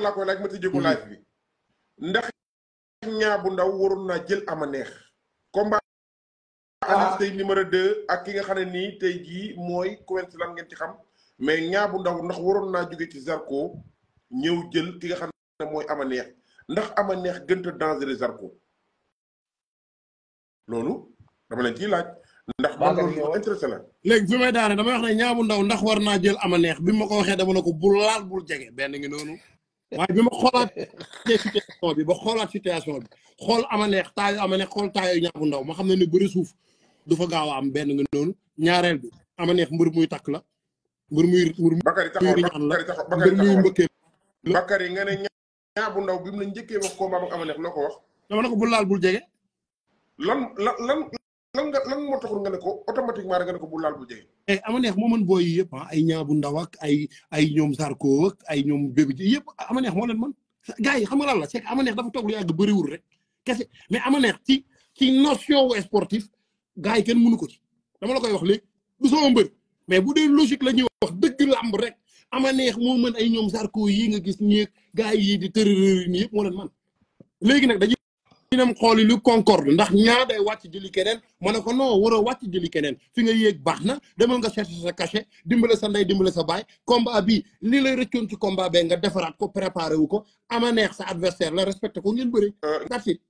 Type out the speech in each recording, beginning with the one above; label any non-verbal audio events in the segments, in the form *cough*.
la laaj ma tijji ko mm. live bi ndax ñaa bu ndaw waroon naa jël ama neex combat ah. Anas tey ak ki nga xam ne nii tey jii mooy Quench lan ngeen ci xam mais ñaa bu ndax waroon naa jóge ci Zarko ñëw jël ki nga xam ne mooy ama neex ndax ama neex gënta danger Zarko loolu dama leen ciy moo intéressé la léegi fi may daane damay ne ñaa bu ndaw ndax war naa jël ama neex bi ma ko waxee dama ne ko bul laal bul jege benn ngi noonu waaye bi ma xoolaat situation bi ba xoolaat situation bi xool ama neex taayu ama neex xool taayu ñaar bu ndaw ma xam ne ne bëri suuf du gaaw a am benn nga noonu ñaareel bi ama neex mbër muy takk la mbër muy mbër muy ñaan la mbër muy mbëkkee Bakary nga ne ñaar bu ndaw bi mu la njëkkee wax combat ak ama neex loo ko wax dama ne ko bul laal bul jege lan lan lan nga lan moo taxul nga ko automatiquement rek nga ne ko bu laal bu jege. eh ama neex moo booy yëpp ah, ay ñaa bu ndaw ay ñoom Sarko ak ay ñoom bébé ji yëpp ama neex moo leen man gars yi xam nga lan la c'est que ama neex dafa toog lu yàgg bëriwul rek kese mais ama neex ci ci notion wu sportif gars yi kenn mënu ko ci dama la koy wax léegi du sama mbër mais bu dee logique la ñuy wax dëgg làmb rek ama neex moo mën ay ñoom Sarko yi nga gis ñeeg gars yi di tërërër yi yëpp moo leen man léegi na dañuy dem xooli lu concorde ndax ñaa day wàcc li keneen ma ne ko non waroo wàcc jëli keneen fi nga yéeg baax na demal nga chercher sa cachet dimbale sa ndey dimbale sa baay combat bi li lay rëccoon ci combat bee nga defaraat ko préparé wu ko ama neex sa adversaire la respecté ko ngeen bëri euh, merci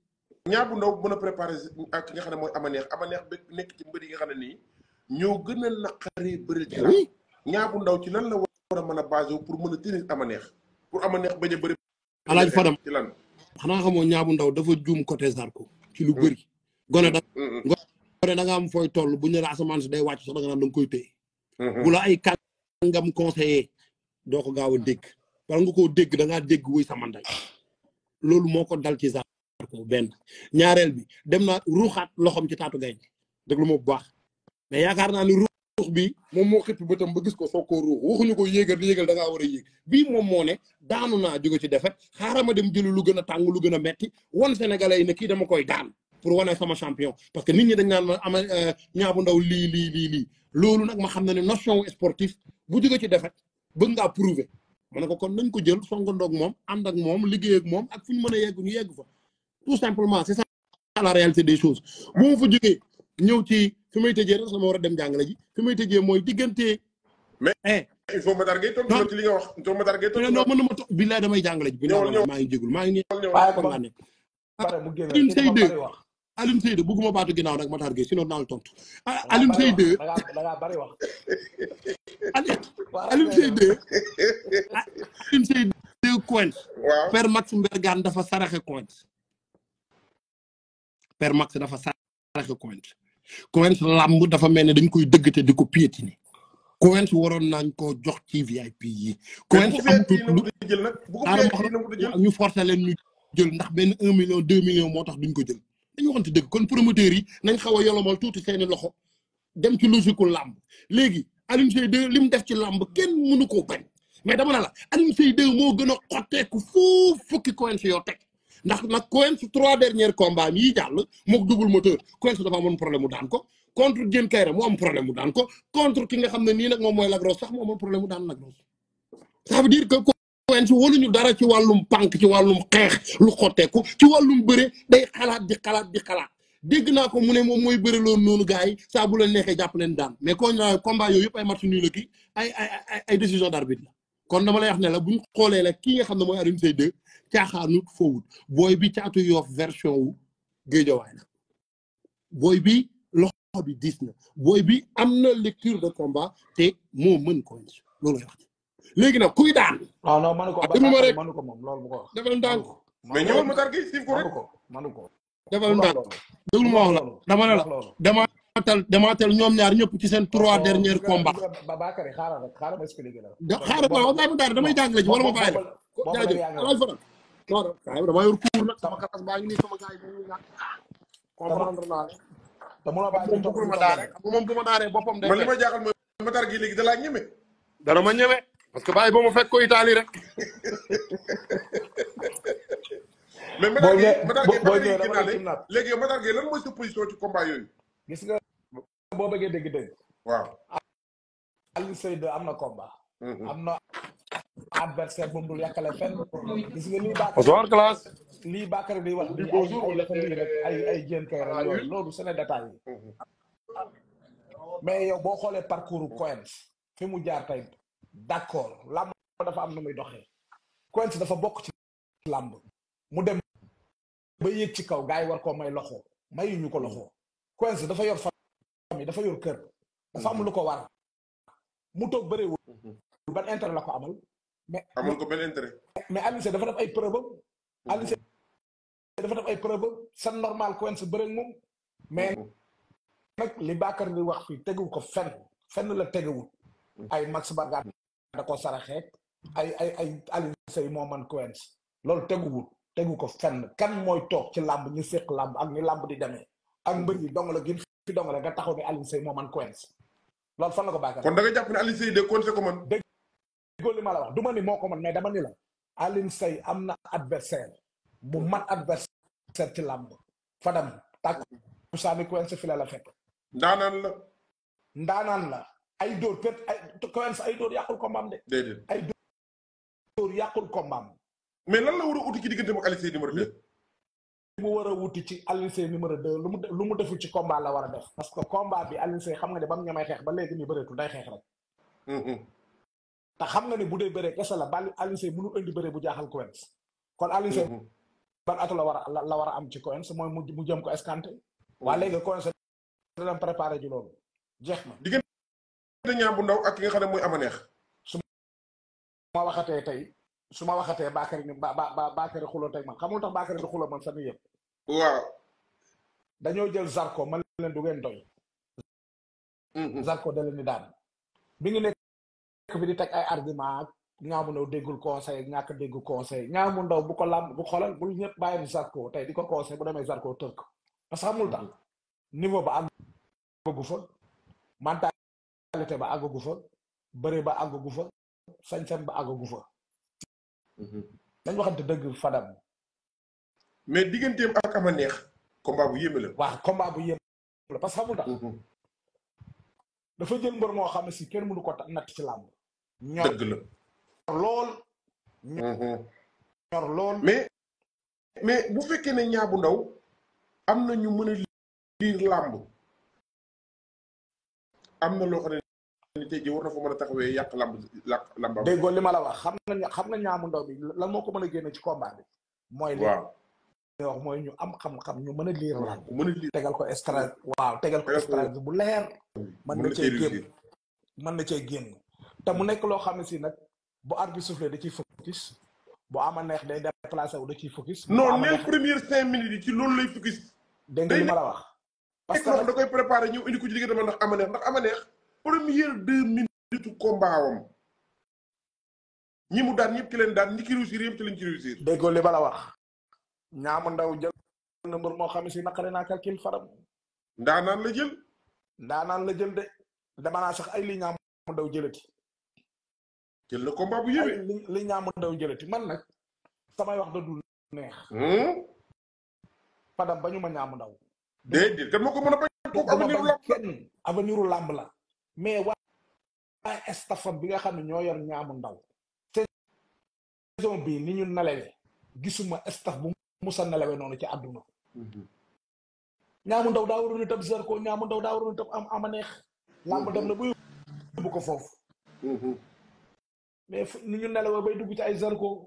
ñaar bu ndaw mën a préparé ak ki nga xam ne mooy ama neex ama neex ba nekk ci mbër yi nga xam ne nii ñoo gën a naqaree bëri ci ñaar bu ndaw ci lan la war a mën a basé pour mën a tenir ama neex pour ama neex bañ a bëri alaaj fadam ci lan xanaa xamoo ñaabu ndaw dafa juum côté Zarko ci lu mm. bëri. gone da mm, mm, gone da nga am fooy toll bu ñu la asamaan day wàcc sax da nga naan da nga koy téye. bu la ay kàngam conseiller doo ko gaaw a dégg wala nga koo dégg da ngaa dégg wuy samanday loolu moo ko dal ci Zarko benn ñaareel bi dem na ruuxaat loxom ci taatu gaynde déglu ma bu baax mais ruux bi moom moo xippi bëtam ba gis ko soog koo ruux waxuñu ko yéegal yéegal da ngaa war a yéeg bii moom moo ne daanu naa jóge ci defet xaaral ma dem jëli lu gën a tàng lu gën a metti wan Sénégalais yi ne kii dama koy daan pour wane sama champion parce que ni ñi dañ naan ma ama euh, ñaabu ndaw lii lii lii lii loolu nag ma xam ne ne notion sportif bu jóge ci defet bëgg ngaa prouver ma ne ko kon nañ ko jël songandoog moom ànd ak moom liggéey ak moom ak fu ñu mën a yegg ñu yegg fa tout simplement c'est ça la réalité des choses ñëw ci fi may tëjee rek sama war a dem jàngale ji fi may tëjee mooy diggante. mais eh. il faut Matar li nga wax il faut Matar Gueye tontu. non non billaay damay jàngale ji. ñëw ñëw maa ngi jégul maa ngi nii. waaye kon maa nekk. Alioune Seye 2 Alioune Seye 2 bëgguma baatu ginnaaw nag Matar Gueye sinon naa la tontu. Alioune Seye 2 da ngaa bari wax. Alioune Seye per Max Mbergane dafa saraxe coins. per Max dafa saraxe coins. Quench làmb dafa mel ne dañ koy dëgg te di ko piétiner Quench waroon nañ koo jox ci VIP yi. Quench amatul lu ñu forcé leen ñu jël ndax benn un million deux millions moo tax duñ ko jël. dañu waxante dëgg kon promoteurs yi nañ xaw a yolomal tuuti seeni loxo dem ci logique lamb léegi Alioune Seye 2 li mu def ci làmb kenn mënu koo bañ mais dama ne la Alioune Seye moo gën a xotteeku foofu fukki Quench yoo teg. ndax nag Coen su trois derniers combats yi jàll mook double moteur Coen su dafa amoon problème mu daan ko contre Diène Kaïré mu am problème mu daan ko contre ki nga xam ne nii nag moom mooy Lac Rose sax mu amoon problème mu daan Lac Rose ça veut dire que Coen dara ci wàllum pànk ci wàllum xeex lu xotteeku ci wàllum bëre day xalaat di xalaat di xalaat dégg naa ko mu ne moom mooy bëri loon noonu gars yi saa bu leen neexee jàpp leen daan mais kon combat yooyu yëpp ay match nul la kii ay ay ay décision d'arbitre la kon dama lay wax ne la buñ xoolee la kii nga xam ne mooy Alioune Seye 2 caaxaanut fowut booy bi caatu yoof version wu géejawaay la booy bi loxo bi diis na booy bi am na lecture de combat te moo mën ko loolu lay wax léegi nag kuy daan. non non mënu ko mënu ko moom loolu bu ko wax. defal ndànk mais ñëwal ma tar gi siif ko rek mënu ko defal ndànk déglu ma wax la dama ne la dama demaatal demaatal ñoom ñaar ñëpp ci seen trois derniers combats. Babacar xaaral rek xaaral ma expliquer la. xaaral waaw damay jàngale ji wala ma bàyyi la non non kay dama yor kuur nag sama karas baa ngi nii sama gars comprendre naa leen. dama la bàyyi moom bu ma daanee moom bu ma daanee ma jaaxal mooy Matar gi léegi dalaa laa ñeme. dana ma ñeme parce que baay ba ma fekk ko Italie rek. *laughs* mais Matar gi boo ñëwee dama lay ginaar léegi yow Matar gi lan mooy sa position ci gis nga boo bëggee dégg-dégg. waaw. Aliou Seydou am na combat. Mm-hmm. am na adversaire bu mu dul yàkkale fenn gis nga lii Bakary bonsoir classe lii Bakary di wax lii ay ay rek ay ay jéem kay rek loolu loolu c'est des détails yi mm-hmm. mais yow boo xoolee parcours Coins fi mu jaar tey d'accord làmb dafa am na muy doxee Coins dafa bokk ci mu dem ba yéeg ci kaw gars yi war koo may loxo mayuñu ko loxo Coins dafa yor famille dafa yor kër dafa am ko war mu toog bëreewul mm-hmm. ban intérêt la ko amal mais amul ko benn intérêt. mais Aliou Cissé dafa def ay preuve am. Aliou Cissé def ay preuve am sa normal coin sa bëreeg moom. mais mm-hmm. nag li Bakar di wax fii teguwul ko fenn fenn la teguwul. Mm-hmm. ay Max Barga a ko saraxeek ay ay ay Aliou Cissé moo man coin loolu teguwul tegu ko fenn kan mooy toog ci làmb ñu séq làmb ak ni làmb di demee ak mbër yi dong la gin fi dong la nga taxaw ne Aliou Cissé moo man coin loolu fan la ko Bakar. kon da jàpp ne Aliou Cissé de compte ko man. góor li ma la wax du ma ni moo ko man mais dama ni la Alioune Seye am na adversaire bu mat adversaire ci làmb Fadam tàkku saani Quench fi la la fekk la ndaanaan la ay dóor peut ay Quench ay dóor yàqul kombaam de déedéet ay dóor yàqul kombaam mais lan war a uti ci diggante ak Alioune Seye numéro war wuti ci Alioune Seye numéro deux lu mu lu mu deful ci combat la war a def parce que combat bi Alioune xam nga ne ba mu ñamay xeex ba léegi ni bëreetul day xeex rek ta xam nga ne bu dee bëree kese la bal Alioune Seye mënu indi bëree bu jaaxal Coens kon Alioune Seye mhm. ban atu la war la war am ci Coens mooy mu mu jëm ko escanté mhm. waa léegi Coens dana préparé ji loolu jeex na diggante ñaar bu ndaw ak ki nga xam ne mooy amaneex su ma waxatee tey su ma ni ba ba Bakary xuloo teg man xamul tax Bakary di xuloo man sa yëpp waaw dañoo jël Zarko man leen du ngeen doy mhm. Zarko da leen di daan bi ngi ne ku fi di teg ay argument ñaamu ndaw déggul conseil ñàkk déggu conseil ñaamu ndaw bu ko làmb bu xoolal bu ñëpp bàyyi Zarko tey di ko conseil bu demee Zarko tënk parce que amul tax mm-hmm. niveau ba àggu fa mentalité ba àggu fa bëre ba àggu fa sañ ba àggu fa. dañ mm-hmm. waxante dëgg Fadam. mais digganteem ak ama neex. combat bu yéeme la. waaw combat bu yéeme la parce que mm-hmm. dafa jël mbër moo xam ne si kenn mënu ko natt ci làmb. ñor dëgg lool. Mm-hmm. ñor lool. mais mais bu fekkee ne Niang bu Ndaw am na ñu mën a liir làmb am na loo ne tey jii war na fa mën a taxawee yàq làmb làq làmb. déggoo li ma la wax xam nga xam nga Niang bu Ndaw bi lan moo ko mën a génne ci combat bi. mooy li wax mooy ñu am xam-xam ñu mën a liir làmb. mën a tegal ko extra waaw tegal ko extra bu leer. mën na cee génn mën na cee génn. Tamu mu nek lo xam si nak bu arbi soufflé da ci focus bu ama neex day déplacer wu da ci focus. non neel première 5 minutes yi ci loolu lay focus. dégg nga li wax. parce que da koy préparer ñu indi ko ci liggéey ndax ama neex ndax ama neex première 2 minutes combat wam ñi mu daan ñëpp ci leen daan ñi ki réussir yëpp ci leen ci réussir. déggoo li bala wax. ñaamu ndaw jël na si calcul faram. la jël. la jël de dama na sax ay li ñaamu ndaw jëlati jël le combat bu yëwee li ñaamu ndaw jëlati man nak samay wax da dul neex. padam hmm? bañu ma ñaamu ndaw. dédé kan moo mëna mën a bañ. kooku avenir lamb kenn avenir lamb la mais wa waa bi nga xamni ño yor ñaamu ndaw. saison bi ni ñu nalewe gisuma estaf bu musa nalewe nonu ci àdduna. Mhm. ñaamu ndaw daa waroon itam Zarko ñaamu ndaw waru ñu tab am ama lamb dem na bu ko fofu hmm mais fu ñu nelawoo bay dugg ci ay Zarko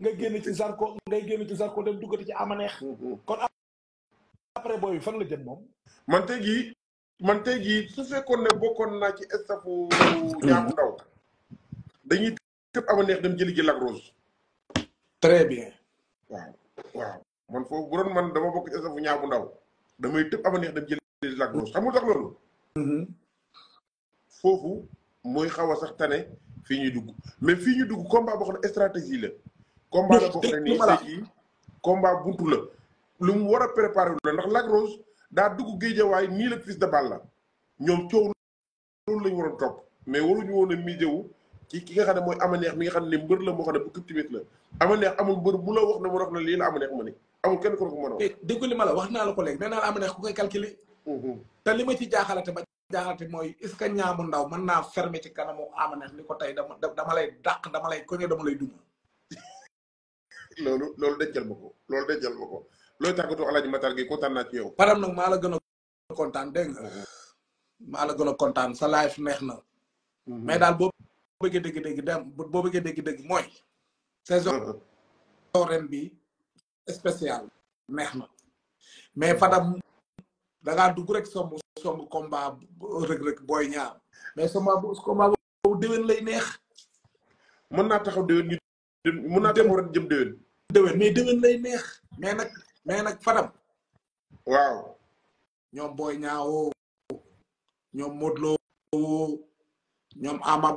nga génn ci Zarko ngay génn ci Zarko dem duggati ci amaneex mm-hmm. kon après booy fan la jëm moom. man tey jii man su fekkoon ne bokkoon naa ci estafu ñaaku ndaw dañuy tëb amaneex dem jëli ji Lac Rose. très bien. man dama bokk ci estafu ndaw damay tëb amaneex dem jëli ji Lac Rose xamul sax loolu. Mm-hmm. foofu mooy xaw a sax tane. fii ñuy dugg mais fii ñu dugg combat boo xam stratégie la. combat la boo xam ne nii c'est combat buntu la. lu mu war a préparer la ndax Lac Rose daa dugg géejawaay nii la Fils de Balla ñoom coow loolu la ñu waroon topp mais waruñu woon a miséwu ci ki nga xam ne mooy Amanekh mi nga xam ne mbër la moo xam ne bu këpp tamit la Amanekh amul mbër bu la wax ne mu wax na lii la Amanekh ma ne amul kenn ku ko mën a wax. dégg li ma la wax naa la ko léegi nee naa la Amanekh ku te li ma ci jaaxalate ba. jaaxaate mooy est ce que ñaamu ndaw mën naa fermer ci kanamu ama neex ni ko tey dama dama lay dàq dama lay koñe dama lay duma. *laughs* loolu loolu dencal ma ko loolu dencal ma ko looy tàggatoo Alaaji Matar gi kontaan naa ci yow. param nag maa gën a kontaan dégg uh-huh. maa la gën a kontaan sa life neex na. Mm-hmm. mais daal boo bëggee dégg-dégg dem boo bëggee dégg mooy. saison uh-huh. ren bi spécial neex na mais mm-hmm. Fadam da ngaa rek somb somb combat rëg-rëg booy ñaar mais somba bu combat boobu lay neex mën naa taxaw déwén ñu mën naa dem war a jëm déwén déwén mais déwén lay neex mais nag mais nag Fadam waaw ñoom booy ñaawoo ñoom Modou Lo ñoom Ama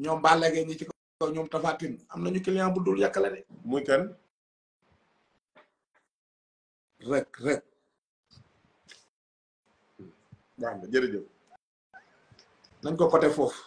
ñoom Balla ñoom Tapha am nañu client bu dul yàkkale de muy kan rek rek baax na jërëjëf nañ ko côté foofu